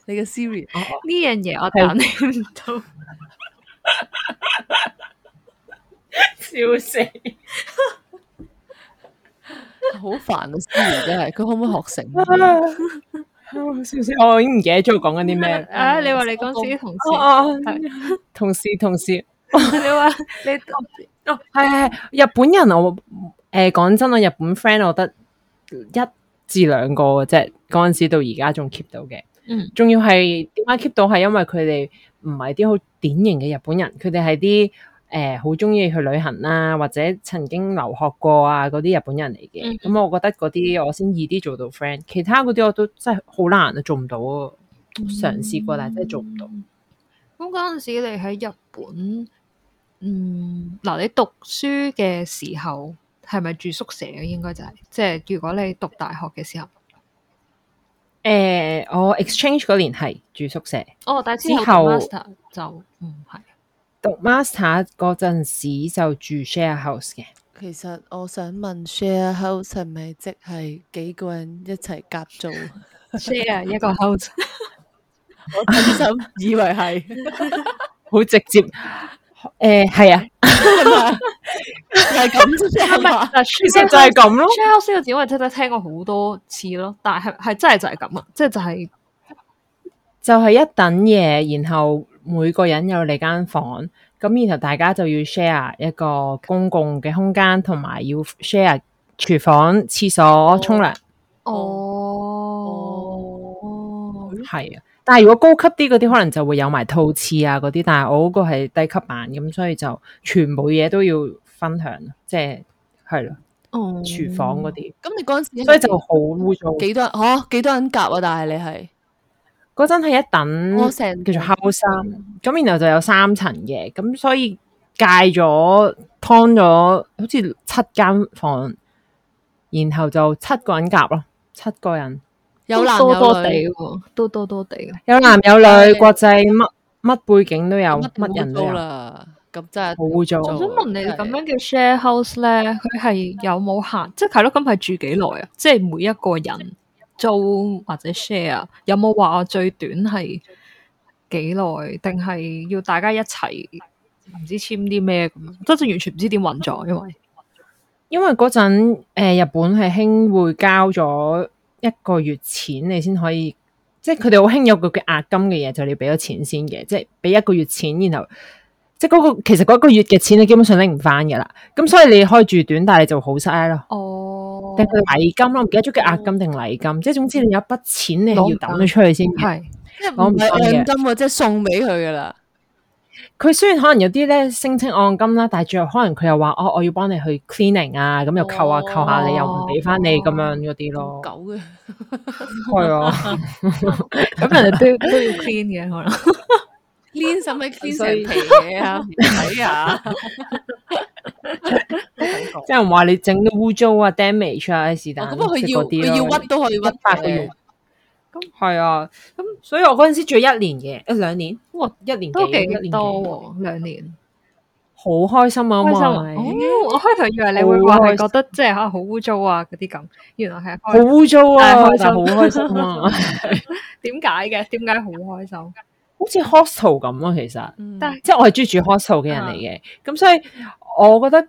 你個 Siri 呢樣嘢我答你唔到，笑死，好煩啊！Siri 真係，佢可唔可以學成啲？笑死，我已經唔記得咗講緊啲咩？啊，你話你講自己同事，同事，同事。 你話你哦，係係係日本人我，誒講真啊，日本 friend 我覺得一至兩個嘅啫，嗰陣時到而家仲 keep 到嘅，嗯，仲要係點解 keep 到係因為佢哋唔係啲好典型嘅日本人，佢哋係啲誒好中意去旅行啦，啊，或者曾經留學過啊嗰啲日本人嚟嘅，咁，嗯嗯，我覺得嗰啲我先易啲做到 friend，其他嗰啲我都真係好難啊做唔到啊，嘗試過但係真係做唔到。咁嗰陣時你喺日本。嗯，嗱，你讀書嘅時候係咪住宿舍？應該就係、是，即係如果你讀大學嘅時候，誒、呃，我 exchange 嗰年係住宿舍。哦，但之後 master 之後就唔係讀 master 嗰陣時就住 share house 嘅。其實我想問，share house 係咪即係幾個人一齊夾做 share 一個 house？ 我本身以為係好直接。誒，係、嗯、啊，係咁先，其實就係咁咯。sharehouse 呢個字我真係聽過好多次咯，但係係真係就係咁啊，即係就係就係一等嘢，然後每個人有你間房，咁然後大家就要 share 一個公共嘅空間，同埋要 share 廚房、廁所、沖涼。哦，係啊。但係如果高級啲嗰啲可能就會有埋套廁啊嗰啲，但係我嗰個係低級版，咁所以就全部嘢，都要分享，即係係咯，哦、廚房嗰啲。咁你嗰陣時，所以就好污糟。幾多、哦、幾多人？嗬？幾多人夾啊？但係你係嗰陣係一等，我成、哦、叫做後生，咁然後就有三層嘅，咁所以戒咗劏咗，好似七間房，然後就七個人夾咯，七個人。有男有女，都多多地。有男有女，國際乜乜背景都有，乜人都啦。咁真係好做。我、就是、了想問你，咁的樣叫 share house 咧，佢係有冇限？的即係係咯，咁係住幾耐啊？即係每一個人租或者 share，有冇話最短係幾耐？定係要大家一齊唔知簽啲咩咁？真係完全唔知點運作，因為的因為嗰陣誒日本係興會交咗一個月錢你先可以，即係佢哋好興有個叫押金嘅嘢，就你要俾咗錢先嘅，即係俾一個月錢，然後即係嗰個其實嗰個月嘅錢你基本上拎唔翻噶啦，咁所以你可以住短，但係你就好嘥咯。哦，定係禮金咯？唔記得咗叫押金定禮金，即係總之你有一筆錢你係要抌咗出去先，係，即係唔係按金啊？即係送俾佢噶啦。佢雖然可能有啲咧聲稱按金啦，但係最後可能佢又話哦，我要幫你去 cleaning 啊，咁又扣啊扣下，你又唔俾翻你咁樣嗰啲咯。狗嘅，係啊、哦，咁、哦哦、 人哋都都要 clean 嘅可能。clean 使咪 clean 成皮嘢啊？睇下，即係話你整啲污糟啊、damage 啊是但，咁佢要佢要屈都可以屈，八個月。係啊，咁所以我嗰陣時住一年嘅，一兩年，哇，一年幾，一年多，兩年，好開心啊嘛，哦，我開頭以為你會話係覺得即係吓好污糟啊嗰啲咁，原來係好污糟啊，但係開心！好開心啊，點解嘅？點解好開心？好似 hostel 咁咯，其實，但係即係我係中意住 hostel 嘅人嚟嘅，咁所以我覺得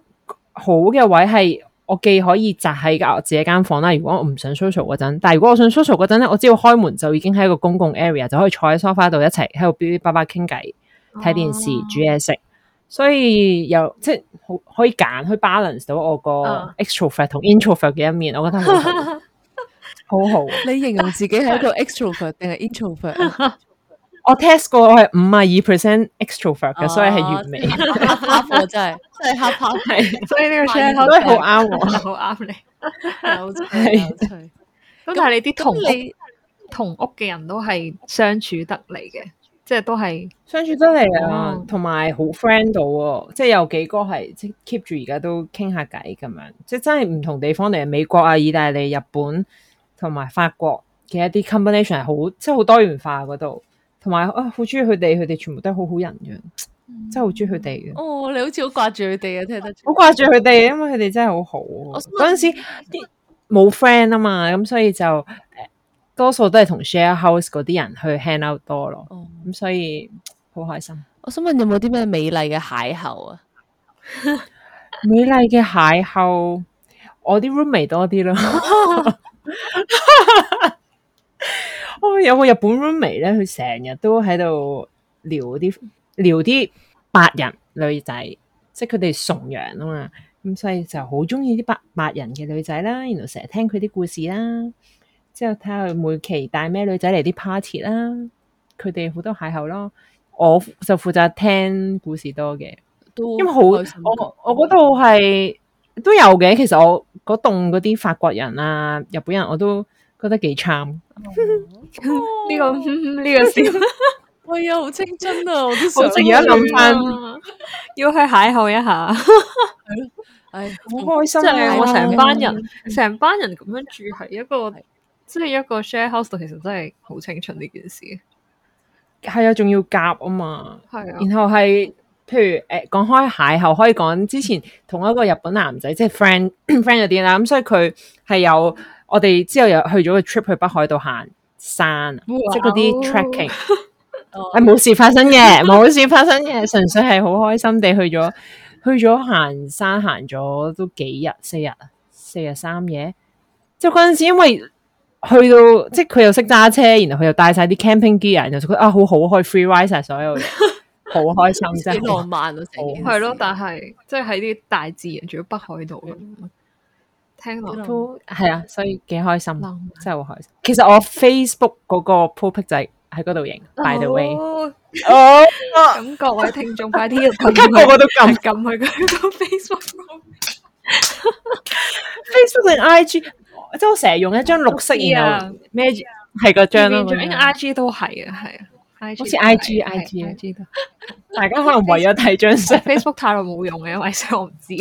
好嘅位係。我既可以宅喺隔自己一間房啦，如果我唔上 social 嗰陣，但係如果我上 social 嗰陣咧，我只要開門就已經喺一個公共 area 就可以坐喺沙發度一齊喺度嗶嗶巴巴傾偈、睇電視、煮嘢食。所以又即係可以揀去 balance 到我個 extrovert 同 introvert 嘅一面，我覺得好好。 好，你形容自己係一個 extrovert 定係 introvert？我 test 過，我係五啊二 percent extrovert 嘅，所以係完美。我、啊、真係真係合拍，係 所以呢個 scheme 都係好啱我，好啱 你有趣有趣。咁是但係你啲同屋那同屋嘅人都係相處得嚟嘅，即係都係相處得嚟啊。同埋好 friend 到，即係有幾個係即 keep 住而家都傾下偈咁樣，即係真係唔同地方，嚟，例如美國啊、意大利、日本同埋法國嘅一啲 combination 係好，即係好多元化嗰度。同埋啊，好中意佢哋，佢哋全部都係好好人嘅，嗯、真係好中意佢哋嘅。哦，你好似好掛住佢哋嘅，聽得。好掛住佢哋，因為佢哋真係好好。我嗰陣時啲冇 friend 啊嘛，咁所以就誒，多數都係同 share house 嗰啲人去 hang out 多咯。咁、哦、所以好開心。我想問有冇啲咩美麗嘅邂逅啊？ 美麗嘅邂逅，我啲 r o o m m a t e 多啲咯。 哦，有個日本 roommate 咧，佢成日都喺度撩啲撩啲白人女仔，即係佢哋崇洋啊嘛，咁所以就好中意啲白白人嘅女仔啦，啦。然後成日聽佢啲故事啦，之後睇下佢每期帶咩女仔嚟啲 party 啦，佢哋好多邂逅咯。我就負責聽故事多嘅，都因為好我我嗰度係都有嘅。其實我嗰棟嗰啲法國人啊、日本人我都。覺得幾慘呢個呢個事， 哎呀，好青春啊！我仲而家諗翻， 要去邂逅一下，係咯，哎，好開心啊。即係我成班人，成、嗯、班人咁樣住喺一個，即係是一個 share house，其實真係好青春呢件事。係啊，仲要夾啊嘛，係啊。然後係，譬如誒、呃，講開邂逅，可以講之前同一個日本男仔，即係 friend，friend 咗啲啦。咁所以佢係有。 我哋之後又去咗個 trip 去北海道行山，即係嗰啲 trekking，係冇事發生嘅，冇 事發生嘅，純粹係好開心地去咗，去咗行山行咗都幾日四日啊，四日三夜。即係嗰陣時，因為去到即係佢又識揸車，然後佢又帶晒啲 camping gear，然後佢啊好好開 free ride 啊，所有嘢好 開心，真浪漫咯，啊，係咯，但係即係喺啲大自然，仲喺北海道。 聽落係啊，所以幾開心，真係好開心。其實我 Facebook 嗰個 po pic 就係喺嗰度影。By the way，我各位聽眾快啲要撳，我個個都撳撳去嗰個 Facebook。Facebook 同 IG，即係我成日用一張綠色嘢啊，咩啊，係嗰張啦。仲有 IG 都係啊，係啊，好似 IG，IG 知大家可能為咗睇張相，Facebook 太耐冇用嘅，因為相我唔知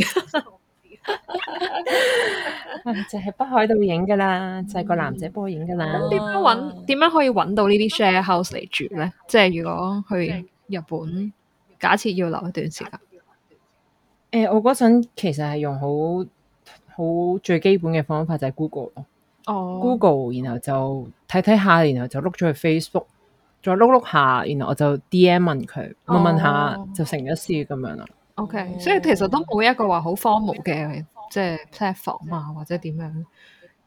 就喺北海道影㗎喇，就係、是、個男仔幫我影㗎喇。點樣搵？點樣可以搵到呢啲 share house 嚟住咧？即、就、係、是、如果去日本，假設要留一段時間。誒、嗯，我嗰陣其實係用好好最基本嘅方法就，就係 Google 咯。哦。Google，然後就睇睇下，然後就碌咗去 Facebook，再碌碌下，然後我就 DM 問佢，問問下，oh. 就成咗事咁樣啦。OK、嗯、所以其實都冇一個話好荒謬嘅即係 platform 啊或者點樣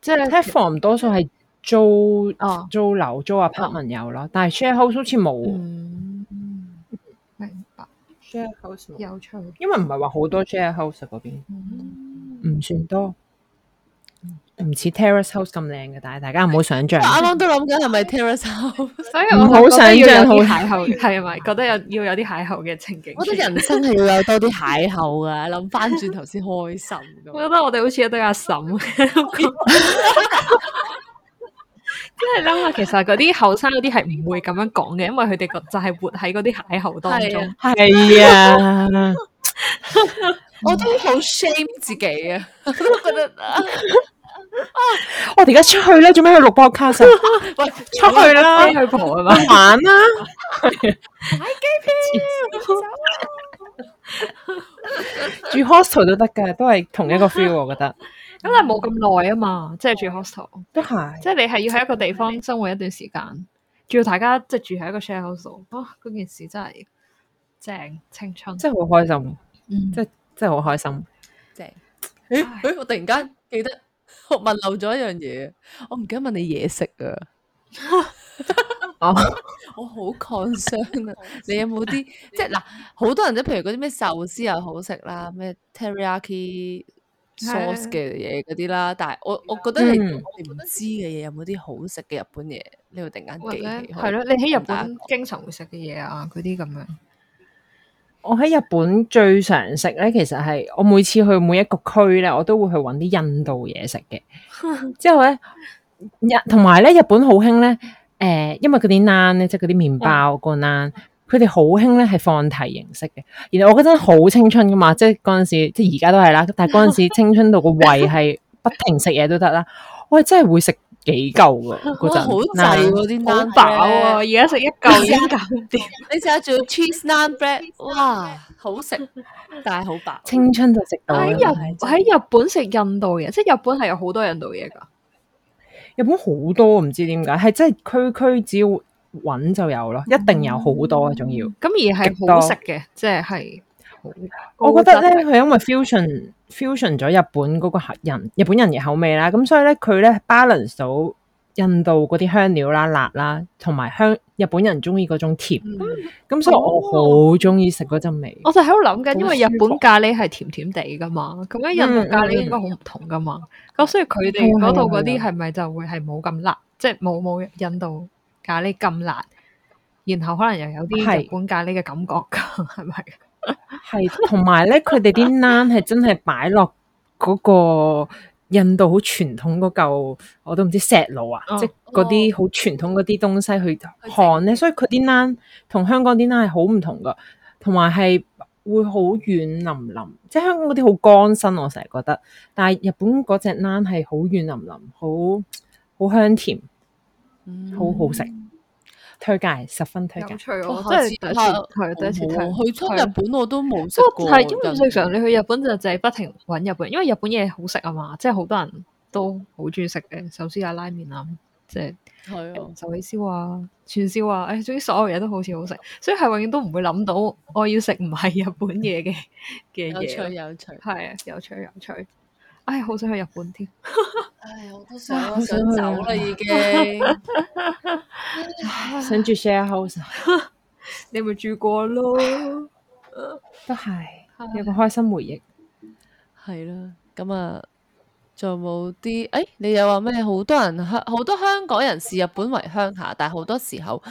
即係你 platform 多數係租啊租樓租啊 part 文有啦但係 share house 好似冇嗯明白 share house 有趣因為唔係話好多 share house 嗰邊唔算多唔似 Terrace House 咁靚嘅，但係大家唔好想象。我啱啱都諗緊係咪 Terrace House？ 所以唔好想象，好邂逅係咪？覺得有要有啲邂逅嘅情景。我覺得人生係要有多啲邂逅噶，諗翻轉頭先開心。 我覺得我哋好似一堆阿嬸，真係諗下，其實嗰啲後生嗰啲係唔會咁樣講嘅，因為佢哋就係活喺嗰啲邂逅當中。係啊， 我都好 shame 自己啊，覺得。啊，我哋而家出去咧，做咩去六 b 卡 o 喂，出去啦，去蒲啦，玩啦，買機票，住 hostel 都得噶，都係同一個 feel。我覺得咁，但冇咁耐啊嘛，即係住 hostel，都係，即係你係要喺一個地方生活一段時間，仲要大家即係住喺一個 share hostel。啊，嗰件事真係正青春，真係好開心，嗯，真真係好開心，正。誒誒，我突然間記得。我問漏咗一樣嘢，我唔記得問你嘢食 啊！我好抗傷啊！你有冇啲 即係嗱，好多人即係譬如嗰啲咩壽司又好食啦，咩 Teriyaki sauce 嘅嘢嗰啲啦，的但係我我覺得你唔、嗯、知嘅嘢有冇啲好食嘅日本嘢？你會突然間記係咯，你喺日本經常會食嘅嘢啊，嗰啲咁樣。我喺日本最常食咧，其實係我每次去每一個區咧，我都會去搵啲印度嘢食嘅。之後咧，日同埋咧，日本好興咧，誒、呃，因為嗰啲 n 咧，即係嗰啲麵包個 n，佢哋好興咧係放題形式嘅。然後我嗰陣好青春噶嘛，即係嗰陣時，即係而家都係啦。但係嗰陣時青春到個胃係不停食嘢都得啦，我係真係會食。幾嚿是啊？嗰陣，好滯嗰啲蛋飽啊！而家食一嚿已經搞掂。你試下做 cheese naan bread，哇，好食，但係好飽。青春就食到喺日喺的日本食印度嘢，即係日本係有好多印度嘢㗎。日本好多唔知點解，係即係區區只要揾就有咯，嗯、一定有好多，仲要。咁、嗯、而係好食嘅，即係多。就是我覺得咧，佢因為 usion, fusion fusion 咗日本嗰個客人日本人嘅口味啦，咁所以咧佢咧 balance 到印度嗰啲香料啦、辣啦，同埋香日本人中意嗰種甜，咁、嗯嗯、所以我好中意食嗰陣味。嗯、我就喺度諗緊，因為日本咖喱係甜甜地噶嘛，咁樣印度咖喱應該好唔同噶嘛，咁、嗯、所以佢哋嗰度嗰啲係咪就會係冇咁辣，即係冇冇印度咖喱咁辣，然後可能又有啲日本咖喱嘅感覺噶，係咪？係同埋咧，佢哋啲 naan 係真係擺落嗰個印度好傳統嗰嚿，那個，我都唔知石爐啊，哦哦，即係嗰啲好傳統嗰啲東西去烘咧。吃所以佢啲 naan 同香港啲 naan 係好唔同噶，同埋係會好軟腍腍，即係香港嗰啲好乾身。我成日覺得，但係日本嗰隻 naan 係好軟腍腍，好好香甜，好好食。嗯推介十分推介，真係第一次。係第一次去。去咗日本我都冇食過。係，因為正常你去日本就淨係不停揾日本，因為日本嘢好食啊嘛，即係好多人都好中意食嘅壽司啊、拉麵啊，即係。係啊，壽喜燒啊，串燒啊，誒，總之所有嘢都好似好食，所以係永遠都唔會諗到我要食唔係日本嘢嘅嘅嘢。有趣有趣，係啊，有趣有趣。唉，好想去日本添！哈哈唉，我都想，想走啦，已經想住 share house，唉、啊、你咪住過咯，都係有個開心回憶？係啦，咁啊，仲有冇啲？誒、哎，你又話咩？好多人香，好多香港人視日本為鄉下，但係好多時候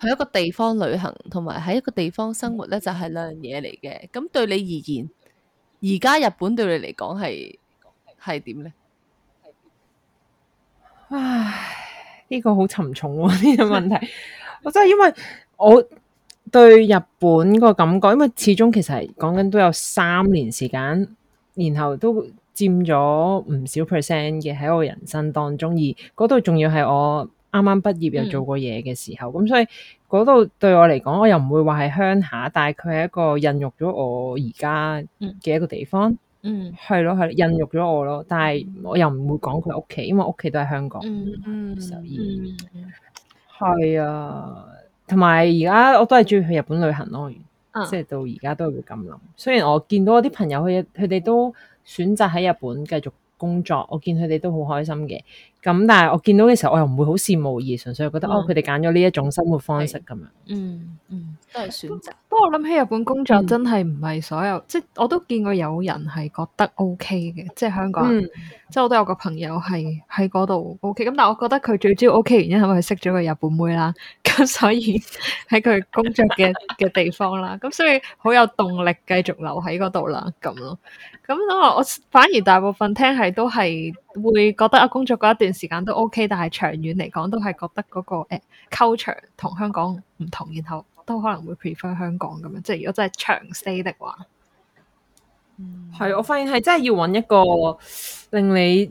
去一個地方旅行，同埋喺一個地方生活咧，就係兩樣嘢嚟嘅。咁對你而言，而家日本對你嚟講係？係點呢？唉，呢、這個好沉重呢、啊這個問題。 我真係，因為我對日本個感覺，因為始終其實係講緊都有三年時間，然後都佔咗唔少 percent 嘅，喺我人生當中。而嗰度仲要係我啱啱畢業又做過嘢嘅時候，咁、嗯、所以嗰度對我嚟講，我又唔會話係鄉下，但係佢係一個孕育咗我而家嘅一個地方。嗯嗯，係咯係咯，孕育咗我咯，但係我又唔會講佢屋企，因為屋企都係香港，嗯嗯、所以係啊。同埋而家我都係中意去日本旅行咯，即係、嗯、到而家都係會咁諗。雖然我見到我啲朋友去，佢哋都選擇喺日本繼續工作，我見佢哋都好開心嘅。咁但係我見到嘅時候，我又唔會好羨慕，而純粹覺得、嗯、哦，佢哋揀咗呢一種生活方式咁樣。嗯嗯，都係選擇。不過我諗起日本工作真係唔係所有，嗯、即係我都見過有人係覺得 O K 嘅，即係香港人，嗯、即係我都有個朋友係喺嗰度 O K。咁但係我覺得佢最主要 O、OK、K 原因係因為佢識咗個日本妹啦。咁所以喺佢工作嘅嘅 地方啦，咁所以好有動力繼續留喺嗰度啦，咁咯。咁我我反而大部分聽係都係。會覺得啊，工作嗰一段時間都 OK，但係長遠嚟講都係覺得嗰、那個誒 culture 同香港唔同，然後都可能會 prefer 香港咁樣。即係如果真係長 stay 的話，係、嗯、我發現係真係要搵一個令你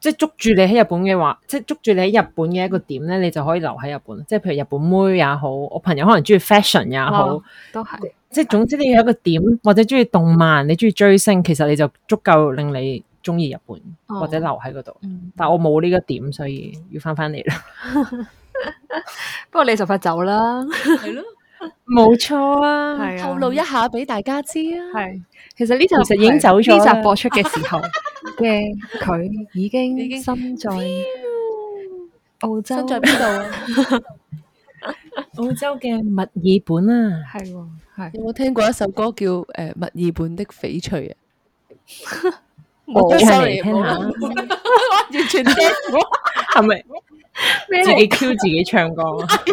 即係、就是、捉住你喺日本嘅話，即、就、係、是、捉住你喺日本嘅一個點呢，你就可以留喺日本。即係譬如日本妹也好，我朋友可能中意 fashion 也好，哦、都係即係總之你要有一個點，或者中意動漫，你中意追星，其實你就足夠令你。中意日本或者留喺嗰度，哦嗯、但我冇呢個點，所以要翻翻嚟啦。 不過你就快走啦，係咯，冇錯啊！啊透露一下俾大家知啊。係、啊，其實呢集其實已經走咗呢、啊、集播出嘅時候嘅佢、 啊、已經心在澳洲，身在邊度啊？ 澳洲嘅墨爾本啊，係喎、啊、係、啊。啊啊、有冇聽過一首歌叫誒墨爾本的翡翠啊？ 冇聽嚟聽下， 完全 dead，我係咪自己 cue 自己唱歌？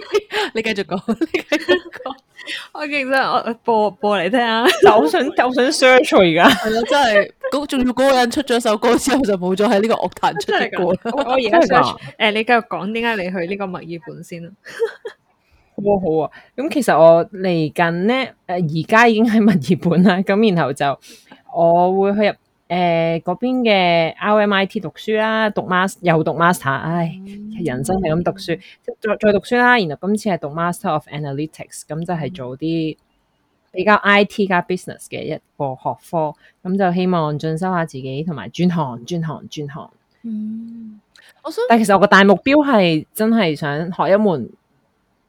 你繼續講，你繼續 我記得我播播嚟聽下！就 想就想 search 而家，係咯，真係仲要嗰個人出咗首歌之後就冇咗喺呢個樂壇出嚟過歌。 我而家誒，你繼續講，點解你去呢個墨爾本先啦？哇， 好啊！咁其實我嚟緊咧，誒，而家已經喺墨爾本啦。咁然後就我會去入。誒，嗰、呃、邊嘅 RMIT 讀書啦，讀 master 又讀 master，唉，嗯、人生係咁讀書，再再讀書啦，然後今次係讀 master of analytics，咁就係做啲比較 IT 加 business 嘅一個學科，咁就希望進修下自己，同埋轉行、轉行、轉行。嗯、我想，但其實我個大目標係真係想學一門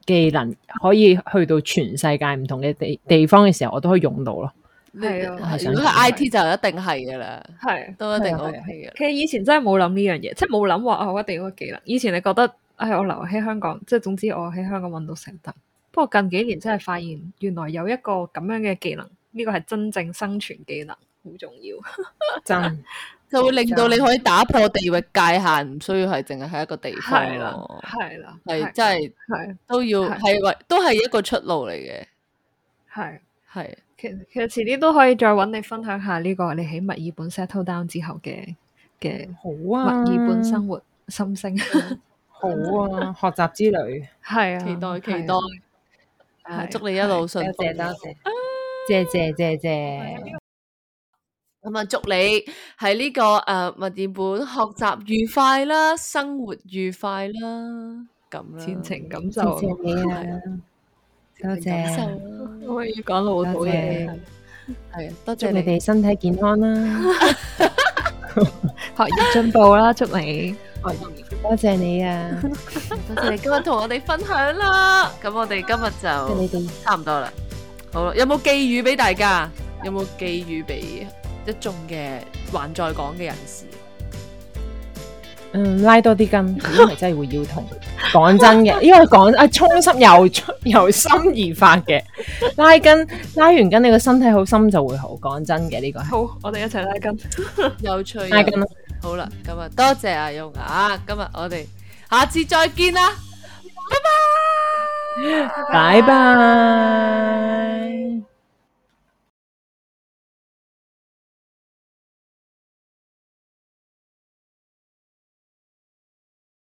技能，可以去到全世界唔同嘅地地方嘅時候，我都可以用到咯。係啊，如果係 I T 就一定係噶啦，係是都一定 OK 噶。其實以前真係冇諗呢樣嘢，即係冇諗話我一定要個技能。以前你覺得係、哎、我留喺香港，即係總之我喺香港揾到食得。不過近幾年真係發現，原來有一個咁樣嘅技能，呢、這個係真正生存技能，好重要。的真，真就會令到你可以打破地域界限，唔需要係淨係喺一個地方。係啦，係啦，真係係都要係為都係一個出路嚟嘅。係係。其實其實遲啲都可以再揾你分享下呢個你喺墨爾本 settle down 之後嘅嘅。好啊，墨爾本生活心聲 好啊，學習之旅係 啊期，期待期待，啊啊，祝你一路順風，多謝多謝，謝謝謝謝。咁啊，祝你喺呢、這個誒墨爾本學習愉快啦，生活愉快啦，咁啦，前程咁就多謝，我要講老土嘢，係啊謝，多謝你哋身體健康啦， 學業進步啦，祝你，多謝你啊， 多謝你今日同我哋分享啦，咁 我哋今日就差唔多啦，好啦，有冇寄語俾大家？有冇寄語俾一眾嘅還在港嘅人士？嗯，拉多啲筋，因為真係會腰痛。講 真嘅，因為講啊，衷心由由由心而發嘅，拉筋拉完筋，你個身體好心就會好。講真嘅，呢、這個係。好，我哋一齊拉筋， 有趣。拉筋好啦，咁啊，多謝阿勇啊，今日我哋下次再見啦，拜拜，拜拜。